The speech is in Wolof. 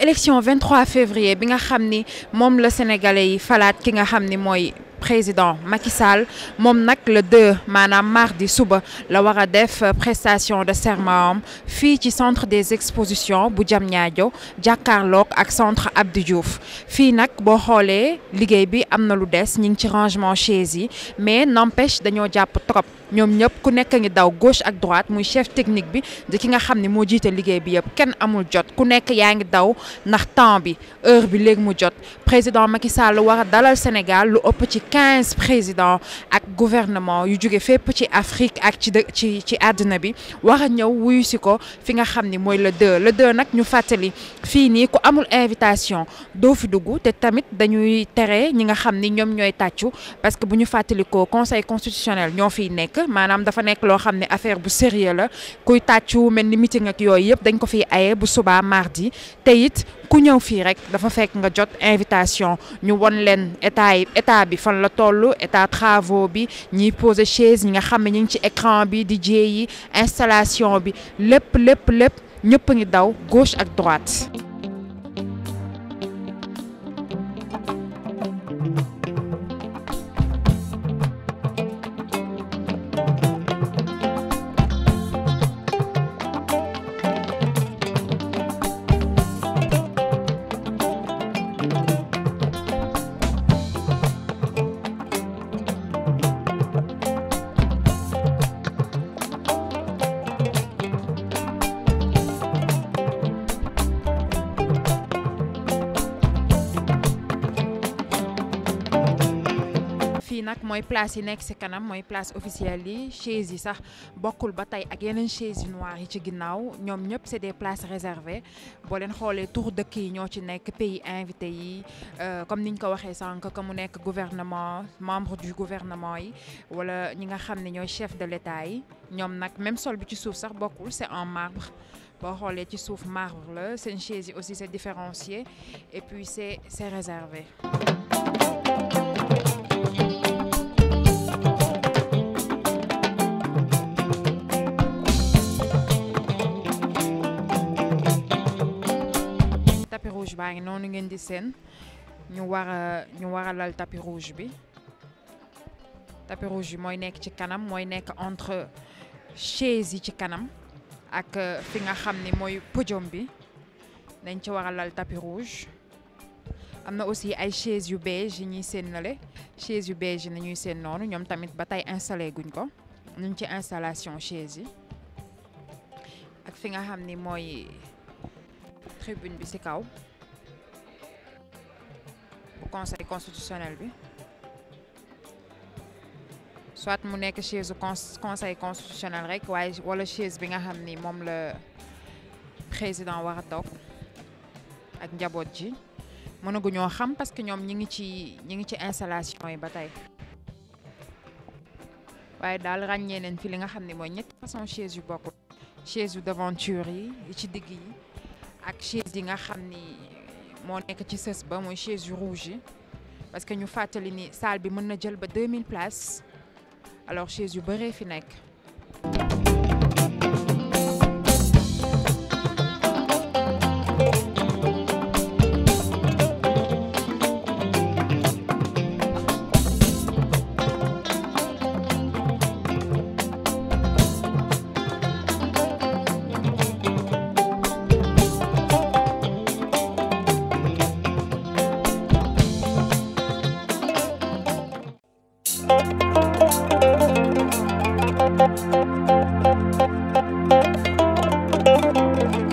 l'élection élection 23 février bi nga xamni ni la sénégalais yi falat ki nga président Macky Sall le 2 mardi suba la wara prestation de serment fi centre des expositions bu Diamniadio Jakarlok ak centre Abdou Diouf centre nag boo xoolee bi amna lu ci rangement chaise mais n'empêche dañu japp trop ñom ñep ku nekk ngi daw gauche ak droite muy chef technique bi de ki nga bi amul jot président Macky Sall dalal Sénégal lu ci quinze président ak gouvernement yu jóge fépp ci Afrique ak ci ci ci àddina bi war a ñëw ko fi nga xam ni le deux le deux nag ñu fàttali fii nii ku amul invitation do fi dugg te tamit dañuy tere ñi nga xam ni ñoom ñooy parce que bu ñu fàttali ko conseil constitutionnel ñoo fiy nekk maanaam dafa nekk loo xam affaire bu sérieux la kuy tàccu mel ni meeting ak yooyu yëpp dañ ko fiy aye bu subaa mardi te it ku ñëw fii rek dafa fekk nga jot invitation ñu won leen état état bi la toll état travaux bi ñi poser chaise ñi nga xamé ñi ci écran bi DJ, yi installation bi lepp lepp lepp ñepp ngi daw gauche ak droite Nak moy place yi nekk si kanam moy place officielle yi chaise yi sax bokul ba ak yeneen chaise noire yi ci ginnaw ñom ñep c'est des places réservées bo len xolé tour dëkk yi ñoo ci nekk pays invité yi euh, comme niñ ko waxé sank que nek gouvernement membre du gouvernement yi wala ñi nga xam ne chef de l'État yi ñom nak même sol bi ci souf sax bokul c'est en marbre boo xoolee ci marbre la une chaise aussi c'est différencié et puis c'est c'est réservé rouge baa ngi noonu ngeen di sen ñu wara ñu wara lal tapis rouge bi tapis rouge moy nek ci kanam moy nek entre chaise ci kanam ak euh, fi nga xamni moy podium bi dañ ci wara lal tapis rouge amna aussi ay chaise yu beige ñi ñuy seen nale chaise yu beige yi na ñuy seen noonu ñoom tamit batay tey installé guñ ko ñu ci installation chaise yi ak fi nga xamni moy tribune bi ci kaw au conseil constitutionnel bi soit mu chez le conseil constitutionnel rek chaise bi nga président war a ak njabot ji parce que ñom ñi ngi ci ñi ngi ci installation yi batay waye dal ragné fi li nga façon yu je ci mon chaise parce que ñu fait salle 2000 places alors chaise you. Thank you.